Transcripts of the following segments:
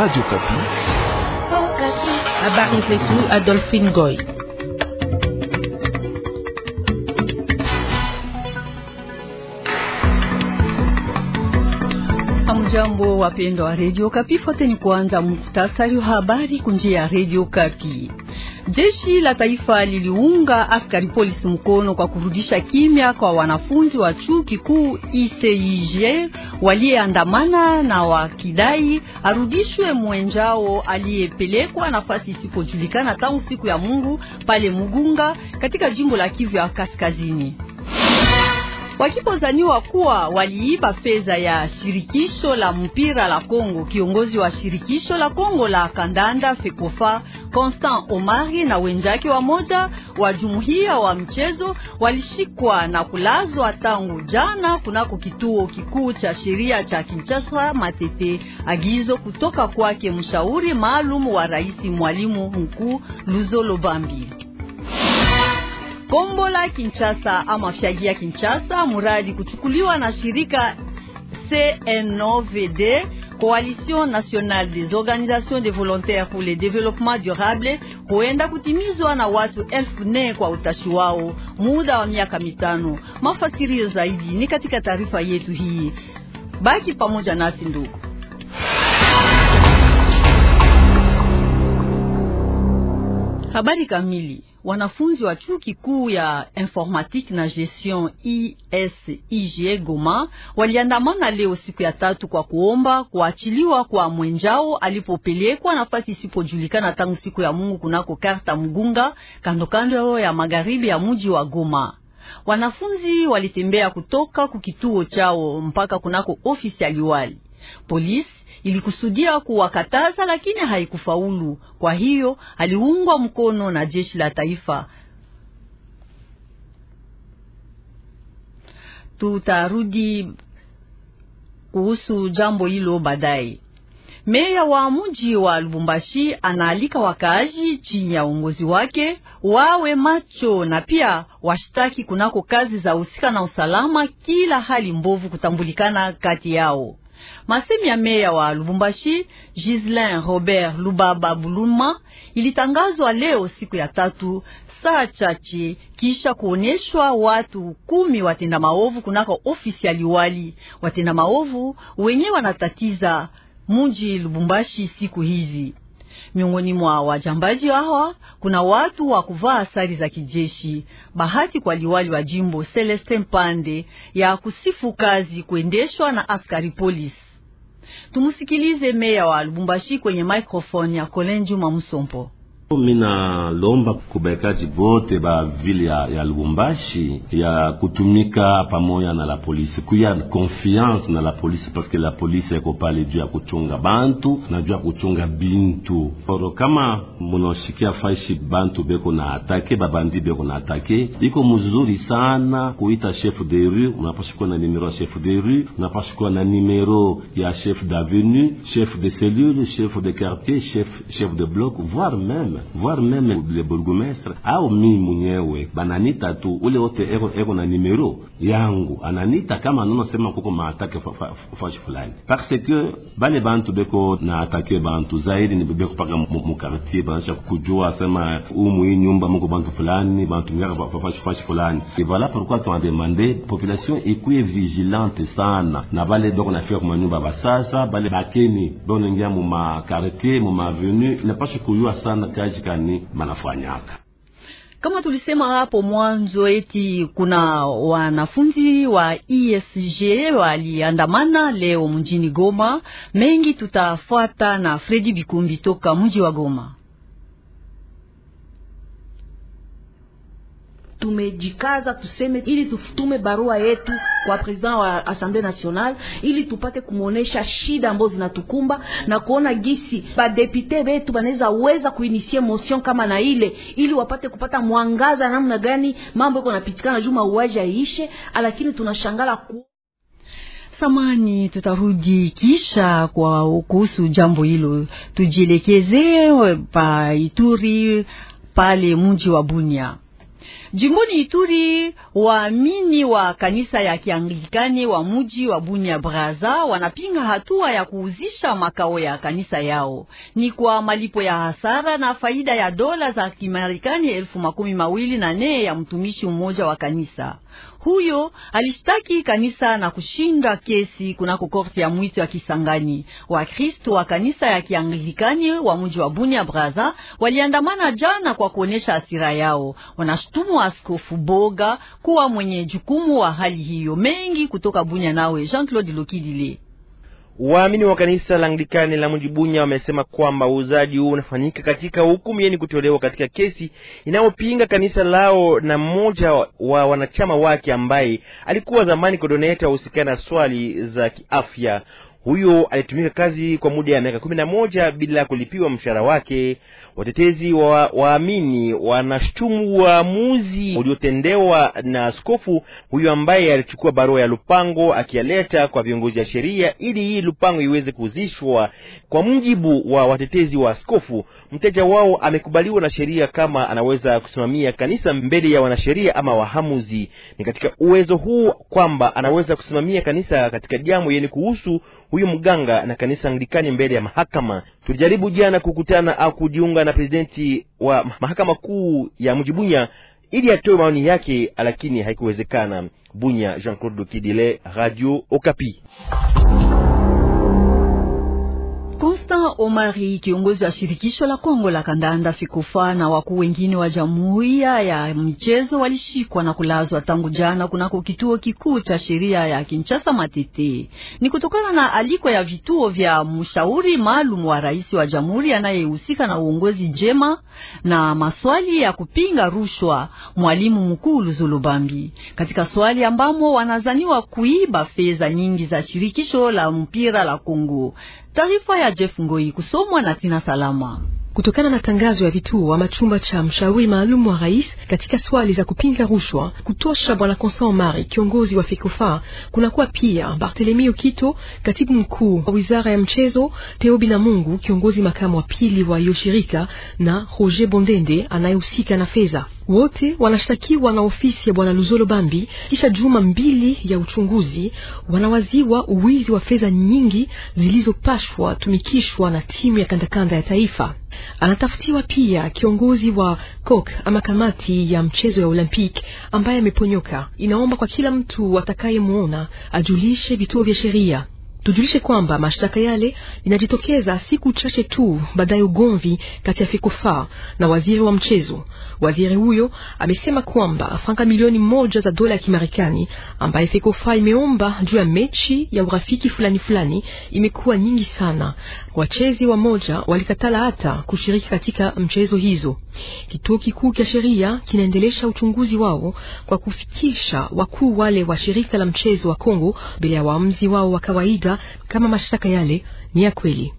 Radio Kapi. Habari zetu Adolphine Goy. Hamjambo wapendwa wa Radio Kapi, fuateni kwanza muhtasari wa habari kunjia ya Radio Kapi. Jeshi la taifa liliunga askari polisi mkono kwa kurudisha kimya kwa wanafunzi wa chuo kikuu ICIG waliyeandamana na wakidai arudishwe mwenjao aliyepelekwa nafasi isipojulikana tangu siku ya Mungu pale Mugunga katika jimbo la Kivu ya Kaskazini wakipozaniwa kuwa waliiba fedha ya shirikisho la mpira la Kongo. Kiongozi wa shirikisho la Kongo la kandanda Fekofa, Constant Omari na wenzake moja wa jumuiya wa mchezo walishikwa na kulazwa tangu jana kunako kituo kikuu cha sheria cha Kinshasa Matete. Agizo kutoka kwake mshauri maalum wa rais mwalimu mkuu Luzolo Bambi. Kombola Kinshasa ama Fyagia Kinshasa, muradi kuchukuliwa na shirika CNOVD Coalition Nationale des Organisations de Volontaires pour le Développement Durable huenda kutimizwa na watu elfu nne kwa utashi wao muda wa miaka mitano. Mafasirio zaidi ni katika taarifa yetu hii, baki pamoja nasi ndugu. Habari kamili. Wanafunzi wa chuo kikuu ya informatique na gestion ISIG e Goma waliandamana leo siku ya tatu kwa kuomba kuachiliwa kwa mwenjao alipopelekwa nafasi isipojulikana tangu siku ya Mungu kunako karta Mgunga, kandokando ya magharibi ya mji wa Goma. Wanafunzi walitembea kutoka kukituo chao mpaka kunako ofisi ya liwali. Polisi ilikusudia kuwakataza lakini haikufaulu, kwa hiyo aliungwa mkono na jeshi la taifa. Tutarudi kuhusu jambo hilo baadaye. Meya wa mji wa Lubumbashi anaalika wakaaji chini ya uongozi wake wawe macho na pia washtaki kunako kazi za husika na usalama, kila hali mbovu kutambulikana kati yao. Masemi ya meya wa Lubumbashi Gislin Robert Lubaba Buluma ilitangazwa leo siku ya tatu saa chache kisha kuonyeshwa watu kumi watenda maovu kunako ofisi ya liwali. Watenda maovu wenye wanatatiza munji Lubumbashi siku hizi. Miongoni mwa wajambazi hawa kuna watu wa kuvaa asari za kijeshi. Bahati kwa liwali wa jimbo Celeste Mpande ya kusifu kazi kuendeshwa na askari polisi. Tumusikilize meya wa Lubumbashi kwenye microphone ya Kolenjuma Msompo. Mina lomba kubaikaji bote ba vile ya, ya Lubumbashi ya kutumika pamoja na la polisi, kuya confiance na la polisi, paske la polisi yako pale juu ya kuchunga bantu na juu ya kuchunga bintu oro. Kama munashikia faishi bantu beko na atake babandi beko na atake, iko mzuri sana kuita chef de rue. Unapashikuwa na numero ya chef de rue, unapashikuwa na nimero ya chef d'avenue, chef de cellule, chef de quartier, chef, chef de bloc voire même mzima, voire meme le bourgmestre au mimi mwenyewe bananita tu ule wote eko eko na numero yangu ananita kama anona sema kuko maatake fashi fulani, parce que bale bantu beko na atake bantu zaidi ni beko paka mukartier, banasha kujua sema umu hii nyumba muko bantu fulani banatumiaka fashi fashi fulani. Et voilà pourquoi tuandemande population ikuye vigilante sana na bale beko nafika kumanyumba basasa, bale bakeni beko naingia mu makartier mu mavenu, inapashi kuyua sana kazi kani manafanyaka kama tulisema hapo mwanzo, eti kuna wanafunzi wa ESG waliandamana leo mjini Goma. Mengi tutafuata na Fredi Bikumbi toka mji wa Goma. tumejikaza tuseme, ili tutume barua yetu kwa president wa Assemblée Nationale, ili tupate kumwonesha shida ambazo zinatukumba na kuona gisi badepute wetu wanaweza weza kuinisie motion kama na ile, ili wapate kupata mwangaza namna gani mambo yako yanapitikana juu mauaji yaishe, lakini tunashangala ku samani tutarudi kisha kwa kuhusu jambo hilo. Tujielekeze eh, pa Ituri pale mji wa Bunia. Jimboni Ituri, waamini wa kanisa ya Kianglikani wa muji wa Bunia Braza wanapinga hatua ya kuuzisha makao ya kanisa yao ni kwa malipo ya hasara na faida ya dola za Kimarekani elfu makumi mawili na nne ya mtumishi mmoja wa kanisa huyo alishtaki kanisa na kushinda kesi kunako korti ya mwito ya Kisangani. Wakristo wa kanisa ya Kianglikani wa mji wa Bunia Braza waliandamana jana kwa kuonyesha asira yao. Wanashutumu Askofu Boga kuwa mwenye jukumu wa hali hiyo. Mengi kutoka Bunia, nawe Jean-Claude Lokidile. Waamini wa kanisa la Anglikani la mji Bunya wamesema kwamba uuzaji huu unafanyika katika hukumu yeni kutolewa katika kesi inayopinga kanisa lao na mmoja wa wanachama wake ambaye alikuwa zamani kodoneta wahusikana na swali za kiafya huyo alitumika kazi kwa muda ya miaka kumi na moja bila kulipiwa mshahara wake. Watetezi wa waamini wanashutumu uamuzi uliotendewa na askofu huyo ambaye alichukua barua ya Lupango akialeta kwa viongozi wa sheria ili hii Lupango iweze kuhuzishwa Kwa mujibu wa watetezi wa askofu, mteja wao amekubaliwa na sheria kama anaweza kusimamia kanisa mbele ya wanasheria ama wahamuzi. Ni katika uwezo huu kwamba anaweza kusimamia kanisa katika jambo yeni kuhusu huyu mganga na kanisa Anglikani mbele ya mahakama. Tulijaribu jana kukutana au kujiunga na presidenti wa mahakama kuu ya mji Bunya ili atoe maoni yake, lakini haikuwezekana. Bunya, Jean Claude Kidile, Radio Okapi. Constant Omari, kiongozi wa shirikisho la Kongo la kandanda Fikofa, na wakuu wengine wa jumuiya ya michezo walishikwa na kulazwa tangu jana kunako kituo kikuu cha sheria ya Kinshasa Matete. Ni kutokana na aliko ya vituo vya mshauri maalum wa rais wa jamhuri anayehusika na uongozi jema na maswali ya kupinga rushwa, mwalimu mkuu Luzulubambi, katika swali ambamo wanazaniwa kuiba fedha nyingi za shirikisho la mpira la Kongo. Taarifa ya Jeff Ngoi kusomwa na Tina Salama. Kutokana na tangazo ya vituo ama chumba cha mshauri maalum wa rais katika swali za kupinga rushwa kutosha bwana Constant Mari, kiongozi wa Fekofa, kunakuwa pia Barthelemy Okito, katibu mkuu wa wizara ya mchezo, Theo mungu kiongozi makamu wa pili wa hiyo shirika, na Roger Bondende anayehusika na fedha. Wote wanashtakiwa na ofisi ya bwana Luzolo Bambi kisha juma mbili ya uchunguzi, wanawaziwa uwizi wa fedha nyingi zilizopashwa tumikishwa na timu ya kandakanda ya taifa. Anatafutiwa pia kiongozi wa COK ama kamati ya mchezo ya Olimpiki ambaye ameponyoka. Inaomba kwa kila mtu atakayemwona ajulishe vituo vya sheria. Tujulishe kwamba mashtaka yale inajitokeza siku chache tu baadaye ugomvi kati ya Fekofa na waziri wa mchezo. Waziri huyo amesema kwamba franka milioni moja za dola ya Kimarekani ambaye Fekofa imeomba juu ya mechi ya urafiki fulani fulani imekuwa nyingi sana. Wachezi wa moja walikatala hata kushiriki katika mchezo hizo. Kituo kikuu cha sheria kinaendelesha uchunguzi wao kwa kufikisha wakuu wale wa shirika la mchezo wa Kongo bila ya waamuzi wao wa kawaida kama mashtaka yale ni ya kweli.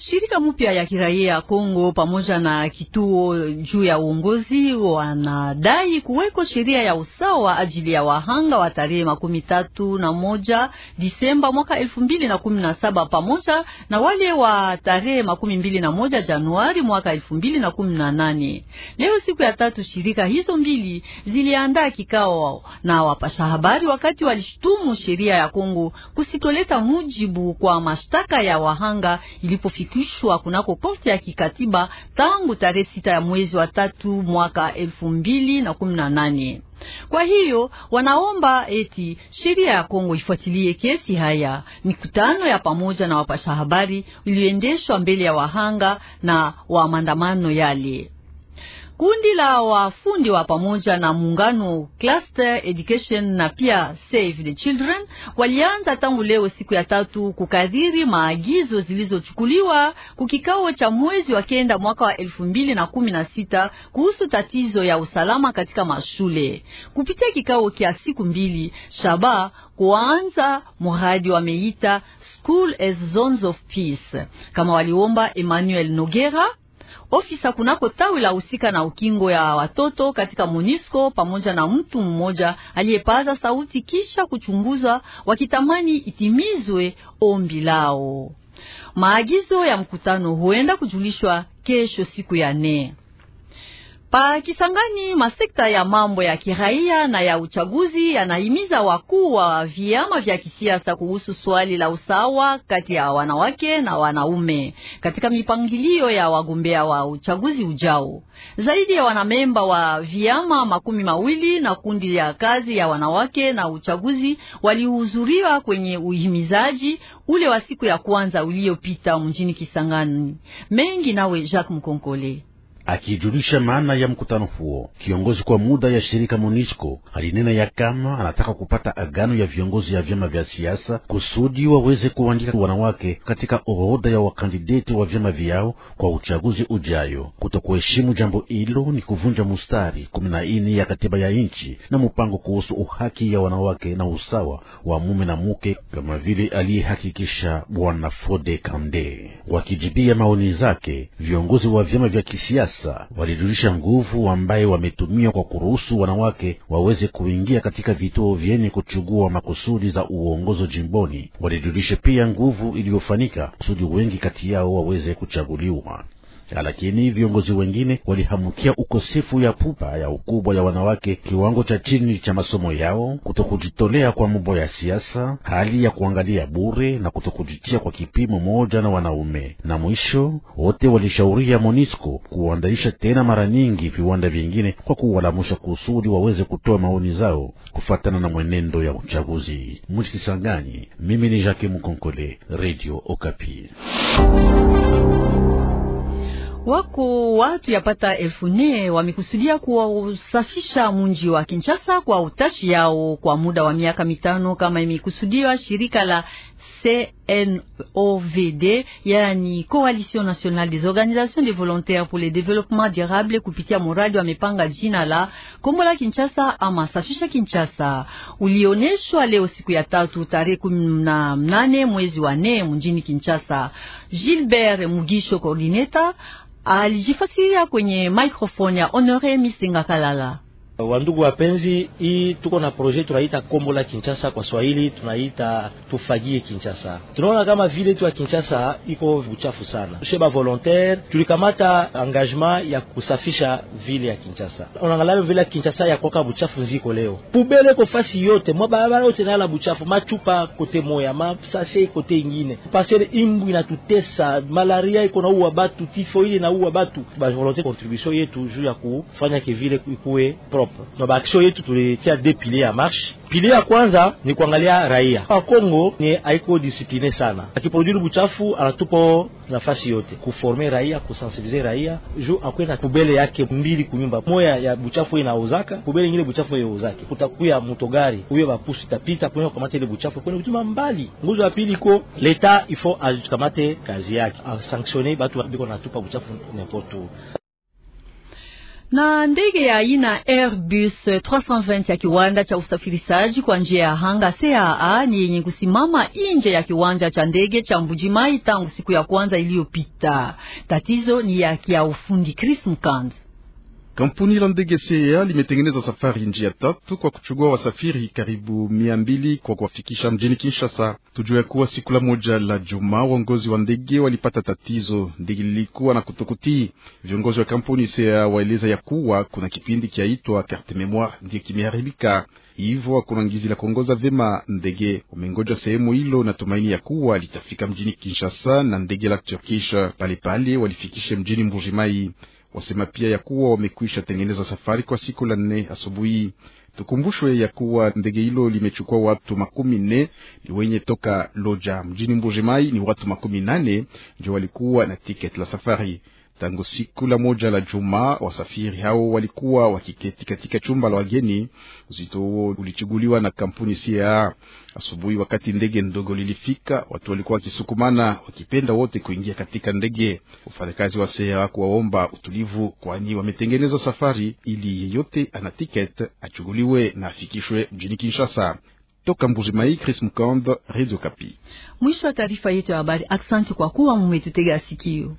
Shirika mpya ya kiraia ya Kongo pamoja na kituo juu ya uongozi wanadai kuweko sheria ya usawa ajili ya wahanga wa tarehe makumi tatu na moja Disemba mwaka elfu mbili na kumi na saba pamoja na wale wa tarehe makumi mbili na moja Januari mwaka elfu mbili na kumi na nane. Leo siku ya tatu, shirika hizo mbili ziliandaa kikao na wapasha habari wakati walishtumu sheria ya Kongo kusitoleta mujibu kwa mashtaka ya wahanga ilipofika yaliitishwa kunako korti ya kikatiba tangu tarehe sita ya mwezi wa tatu mwaka elfu mbili na kumi na nane. Kwa hiyo wanaomba eti sheria ya Kongo ifuatilie kesi haya. Mikutano ya pamoja na wapasha habari iliyoendeshwa mbele ya wahanga na wa maandamano yale Kundi la wafundi wa pamoja na muungano Cluster Education na pia Save the Children walianza tangu leo siku ya tatu kukadhiri maagizo zilizochukuliwa kukikao cha mwezi wa kenda mwaka wa elfu mbili na kumi na sita kuhusu tatizo ya usalama katika mashule. Kupitia kikao kia siku mbili shaba kuanza mradi wameita School as Zones of Peace, kama waliomba Emmanuel Nogera ofisa kunako tawi la husika na ukingo ya watoto katika MONUSCO pamoja na mtu mmoja aliyepaza sauti kisha kuchunguza, wakitamani itimizwe ombi lao. Maagizo ya mkutano huenda kujulishwa kesho siku ya nne. Pakisangani, masekta ya mambo ya kiraia na ya uchaguzi yanahimiza wakuu wa vyama vya kisiasa kuhusu swali la usawa kati ya wanawake na wanaume katika mipangilio ya wagombea wa uchaguzi ujao. Zaidi ya wanamemba wa vyama makumi mawili na kundi ya kazi ya wanawake na uchaguzi walihudhuria kwenye uhimizaji ule wa siku ya kwanza uliopita mjini Kisangani. Mengi nawe Jacques Mkonkole. Akijulisha maana ya mkutano huo, kiongozi kwa muda ya shirika Monisco alinena ya kama anataka kupata agano ya viongozi ya vyama vya siasa kusudi waweze kuandika wanawake katika orodha ya wakandideti wa vyama vyao kwa uchaguzi ujayo. Kutokuheshimu jambo hilo ni kuvunja mustari kumi na nne ya katiba ya nchi na mpango kuhusu uhaki ya wanawake na usawa wa mume na mke, kama vile aliyehakikisha Bwana Fode Kande. Wakijibia maoni zake, viongozi wa vyama vya kisiasa Kinshasa walijulisha nguvu ambaye wametumia kwa kuruhusu wanawake waweze kuingia katika vituo vyenye kuchugua makusudi za uongozo jimboni. Walijulisha pia nguvu iliyofanika kusudi wengi kati yao waweze kuchaguliwa lakini viongozi wengine walihamukia ukosefu ya pupa ya ukubwa ya wanawake, kiwango cha chini cha masomo yao, kutokujitolea kwa mambo ya siasa, hali ya kuangalia bure na kutokujitia kwa kipimo moja na wanaume. Na mwisho wote walishauria Monisco kuandaisha tena mara nyingi viwanda vingine kwa kuwalamusha kusudi waweze kutoa maoni zao kufuatana na mwenendo ya uchaguzi. Mujikisangani, mimi ni Jacques Mukonkole, Radio Okapi. Wako watu yapata elfu nne wamekusudia kuusafisha mji wa Kinshasa kwa utashi yao kwa muda wa miaka mitano kama imekusudiwa shirika la CNOVD, yani Coalition Nationale des Organisations des Volontaires pour le Développement Durable, kupitia muradi wamepanga jina la Kombo la Kinshasa ama safisha Kinshasa, ulioneshwa leo siku ya tatu tarehe kumi na nane mwezi wa nne mjini Kinshasa. Gilbert Mugisho, coordinator alijifasiria ah, kwenye maikrofoni ya Honore Misenga Kalala. Wandugu wapenzi, hii tuko na projet tunaita kombola Kinshasa, kwa Swahili tunaita tufagie Kinshasa. Tunaona kama vile tu ya Kinshasa iko uchafu sana. Sheba volontaire tulikamata engagement ya kusafisha vile ya Kinshasa, unaangalia vile ya Kinshasa ya koka buchafu nziko leo pubele ko fasi yote mwa barabara yote nala buchafu machupa kote moya masase kote ingine pasere imbu inatutesa, malaria iko na uwa batu, tifoide na uwa batu. Ba volontaire contribution yetu juu ya kufanya kivile ikuwe propre Europe na baaksion yetu tulitia de pile ya marche. Pile ya kwanza ni kuangalia raia pa Kongo ni haiko disipline sana, akiproduire buchafu anatupo nafasi yote kuforme raia, kusensibilize raia ju akwe na kubele yake mbili kunyumba moya ya buchafu inaozaka kubele nyingine buchafu inaozake, kutakuya motogari huyo bapusu itapita kwenye kukamata ile buchafu kwenye kutuma mbali. Nguzo ya pili iko leta ifo ajikamate kazi yake asanktione ah, batu biko natupa buchafu n'importe na ndege ya aina Airbus 320 ya kiwanda cha usafirishaji kwa njia ya hanga CAA ni yenye kusimama nje ya kiwanja cha ndege cha Mbujimai tangu siku ya kwanza iliyopita. Tatizo ni ya kiufundi. Chris Mkanzi. Kampuni la ndege CAA limetengeneza safari njia tatu kwa kuchugua wasafiri karibu mia mbili kwa kuwafikisha mjini Kinshasa. Tujue kuwa siku la moja la juma waongozi wa ndege walipata tatizo, ndege lilikuwa na kutokutii. Viongozi wa kampuni CAA waeleza ya kuwa kuna kipindi kiaitwa carte memoire ndiyo kimeharibika, hivyo hakuna ngizi la kuongoza vyema ndege. Umengoja sehemu hilo na tumaini ya kuwa litafika mjini Kinshasa na ndege la Turkish palepale walifikishe mjini Mbujimai. Wasema pia ya kuwa wamekwisha tengeneza safari kwa siku la nne asubuhi. Tukumbushwe ya kuwa ndege hilo limechukua watu makumi nne ni wenye toka Loja mjini Mbujimai, ni watu makumi nane ndio walikuwa na tiketi la safari. Tangu siku la moja la juma, wasafiri hao walikuwa wakiketi katika chumba la wageni. Uzito huo ulichuguliwa na kampuni CAR. Asubuhi, wakati ndege ndogo lilifika, watu walikuwa wakisukumana, wakipenda wote kuingia katika ndege. Wafanyakazi wa CAR kuwaomba utulivu, kwani wametengeneza safari ili yeyote ana tiket achuguliwe na afikishwe mjini Kinshasa. Toka Mbuji Chris Mkando, Radio Kapi. Mwisho wa taarifa yetu ya habari. Asante kwa kuwa mumetutega sikio.